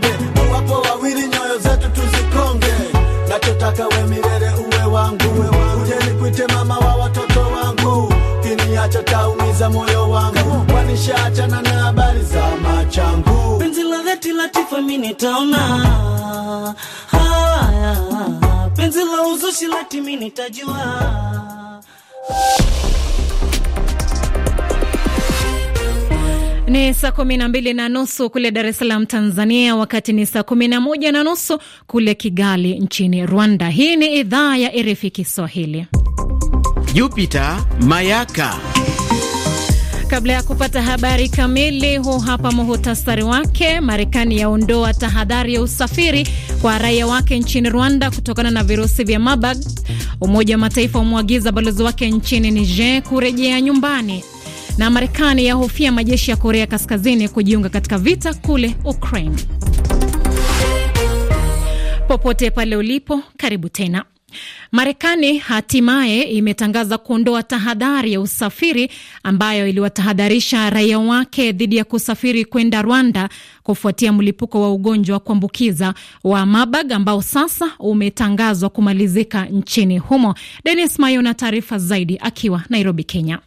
tuombe wapo wawili, nyoyo zetu tuzikonge. Nachotaka we milele uwe wangu, uje nikwite mama wa watoto wangu, kiniacha taumiza moyo wangu, wanishaachana na habari za machangu. Penzi la dhati Latifa, mimi nitaona haya penzi la uzushi lati, nitajua Ni saa kumi na mbili na nusu kule Dar es Salaam, Tanzania, wakati ni saa kumi na moja na nusu kule Kigali nchini Rwanda. Hii ni idhaa ya RFI Kiswahili. Jupita Mayaka. Kabla ya kupata habari kamili, huu hapa muhutasari wake. Marekani yaondoa tahadhari ya usafiri kwa raia wake nchini Rwanda kutokana na virusi vya Marburg. Umoja wa Mataifa umwagiza balozi wake nchini Niger kurejea nyumbani na Marekani yahofia majeshi ya Korea Kaskazini kujiunga katika vita kule Ukraine. Popote pale ulipo, karibu tena. Marekani hatimaye imetangaza kuondoa tahadhari ya usafiri ambayo iliwatahadharisha raia wake dhidi ya kusafiri kwenda Rwanda kufuatia mlipuko wa ugonjwa wa kuambukiza wa Marburg ambao sasa umetangazwa kumalizika nchini humo. Denis Mayo na taarifa zaidi akiwa Nairobi, Kenya.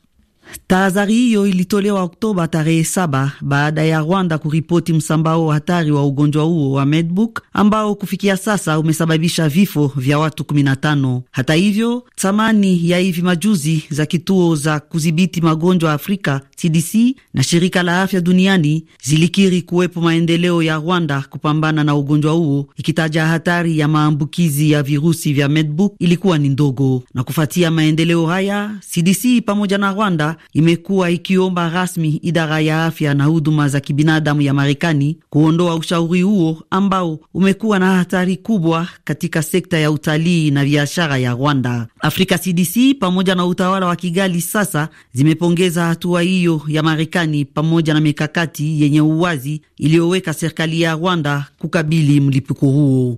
Tahadhari hiyo ilitolewa Oktoba tarehe saba baada ya Rwanda kuripoti msambao wa hatari wa ugonjwa huo wa Medbook ambao kufikia sasa umesababisha vifo vya watu 15. Hata hivyo, thamani ya hivi majuzi za kituo za kudhibiti magonjwa Afrika CDC na shirika la afya duniani zilikiri kuwepo maendeleo ya Rwanda kupambana na ugonjwa huo, ikitaja hatari ya maambukizi ya virusi vya Medbook ilikuwa ni ndogo. Na kufuatia maendeleo haya, CDC pamoja na Rwanda imekuwa ikiomba rasmi idara ya afya na huduma za kibinadamu ya Marekani kuondoa ushauri huo ambao umekuwa na hatari kubwa katika sekta ya utalii na biashara ya Rwanda. Afrika CDC pamoja na utawala wa Kigali sasa zimepongeza hatua hiyo ya Marekani pamoja na mikakati yenye uwazi iliyoweka serikali ya Rwanda kukabili mlipuko huo.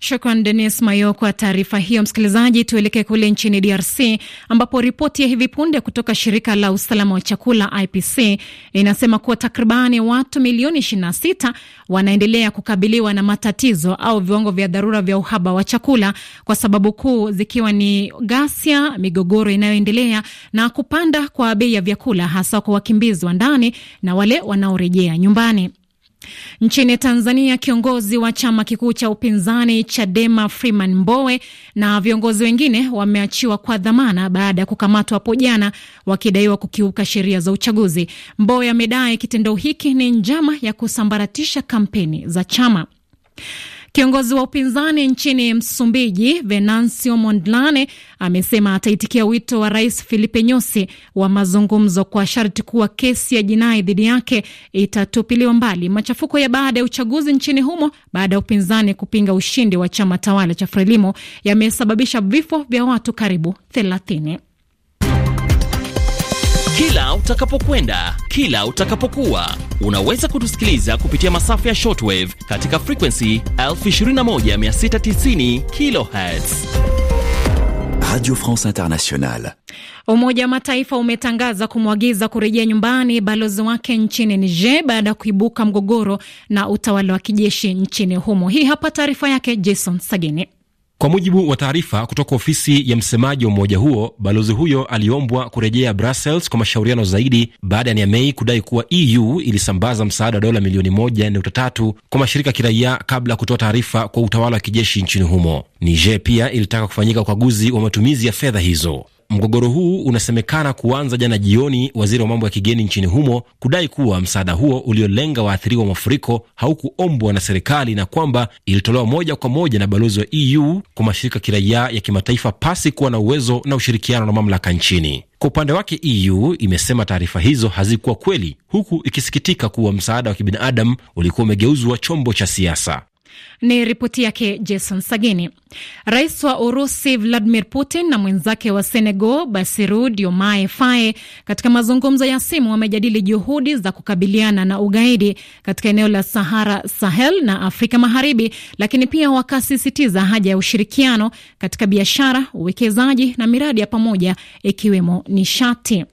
Shukran Denis Mayo kwa taarifa hiyo. Msikilizaji, tuelekee kule nchini DRC ambapo ripoti ya hivi punde kutoka shirika la usalama wa chakula IPC inasema kuwa takribani watu milioni 26 wanaendelea kukabiliwa na matatizo au viwango vya dharura vya uhaba wa chakula, kwa sababu kuu zikiwa ni ghasia, migogoro inayoendelea na kupanda kwa bei ya vyakula, hasa kwa wakimbizi wa ndani na wale wanaorejea nyumbani. Nchini Tanzania, kiongozi wa chama kikuu cha upinzani Chadema Freeman Mbowe na viongozi wengine wameachiwa kwa dhamana baada ya kukamatwa hapo jana wakidaiwa kukiuka sheria za uchaguzi. Mbowe amedai kitendo hiki ni njama ya kusambaratisha kampeni za chama. Kiongozi wa upinzani nchini Msumbiji, Venancio Mondlane, amesema ataitikia wito wa Rais Filipe Nyusi wa mazungumzo kwa sharti kuwa kesi ya jinai dhidi yake itatupiliwa mbali. Machafuko ya baada ya uchaguzi nchini humo baada ya upinzani kupinga ushindi wa chama tawala cha Frelimo yamesababisha vifo vya watu karibu thelathini kila utakapokwenda, kila utakapokuwa, unaweza kutusikiliza kupitia masafa ya shortwave katika frequency 21690 kHz. Radio France Internationale. Umoja wa Mataifa umetangaza kumwagiza kurejea nyumbani balozi wake nchini Niger baada ya kuibuka mgogoro na utawala wa kijeshi nchini humo. Hii hapa taarifa yake Jason Sagini. Kwa mujibu wa taarifa kutoka ofisi ya msemaji wa umoja huo, balozi huyo aliombwa kurejea Brussels kwa mashauriano zaidi baada ya Niamey kudai kuwa EU ilisambaza msaada wa dola milioni 1.3 kwa mashirika ya kiraia kabla ya kutoa taarifa kwa utawala wa kijeshi nchini humo. Niger pia ilitaka kufanyika ukaguzi wa matumizi ya fedha hizo. Mgogoro huu unasemekana kuanza jana jioni, waziri wa mambo ya kigeni nchini humo kudai kuwa msaada huo uliolenga waathiriwa mafuriko haukuombwa na serikali na kwamba ilitolewa moja kwa moja na balozi wa EU kwa mashirika kiraia ya kimataifa pasi kuwa na uwezo na ushirikiano na mamlaka nchini. Kwa upande wake EU imesema taarifa hizo hazikuwa kweli, huku ikisikitika kuwa msaada wa kibinadamu ulikuwa umegeuzwa chombo cha siasa. Ni ripoti yake Jason Sagini. Rais wa Urusi Vladimir Putin na mwenzake wa Senegal Basiru Diomaye Faye katika mazungumzo ya simu wamejadili juhudi za kukabiliana na ugaidi katika eneo la Sahara, Sahel na Afrika Magharibi, lakini pia wakasisitiza haja ya ushirikiano katika biashara, uwekezaji na miradi ya pamoja ikiwemo nishati.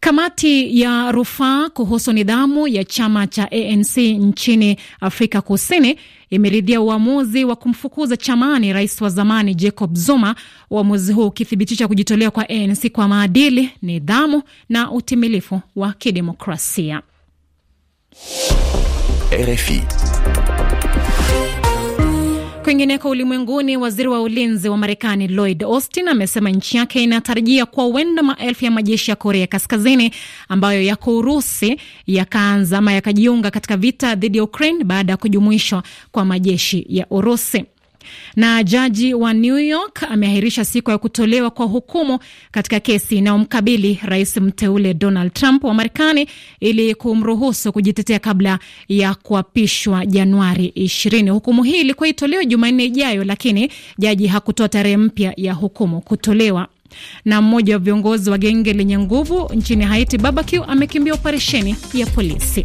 Kamati ya rufaa kuhusu nidhamu ya chama cha ANC nchini Afrika Kusini imeridhia uamuzi wa kumfukuza chamani rais wa zamani Jacob Zuma, uamuzi huu ukithibitisha kujitolea kwa ANC kwa maadili, nidhamu na utimilifu wa kidemokrasia. RFI. Kwingineko ulimwenguni, waziri wa ulinzi wa Marekani Lloyd Austin amesema nchi yake inatarajia kuwa huenda maelfu ya majeshi ya Korea Kaskazini ambayo yako Urusi yakaanza ama yakajiunga katika vita dhidi ya Ukraine baada ya kujumuishwa kwa majeshi ya Urusi. Na jaji wa New York ameahirisha siku ya kutolewa kwa hukumu katika kesi inayomkabili rais mteule Donald Trump wa Marekani ili kumruhusu kujitetea kabla ya kuapishwa Januari 20. Hukumu hii ilikuwa itolewe Jumanne ijayo, lakini jaji hakutoa tarehe mpya ya hukumu kutolewa. Na mmoja wa viongozi wa genge lenye nguvu nchini Haiti, Barbecue, amekimbia operesheni ya polisi.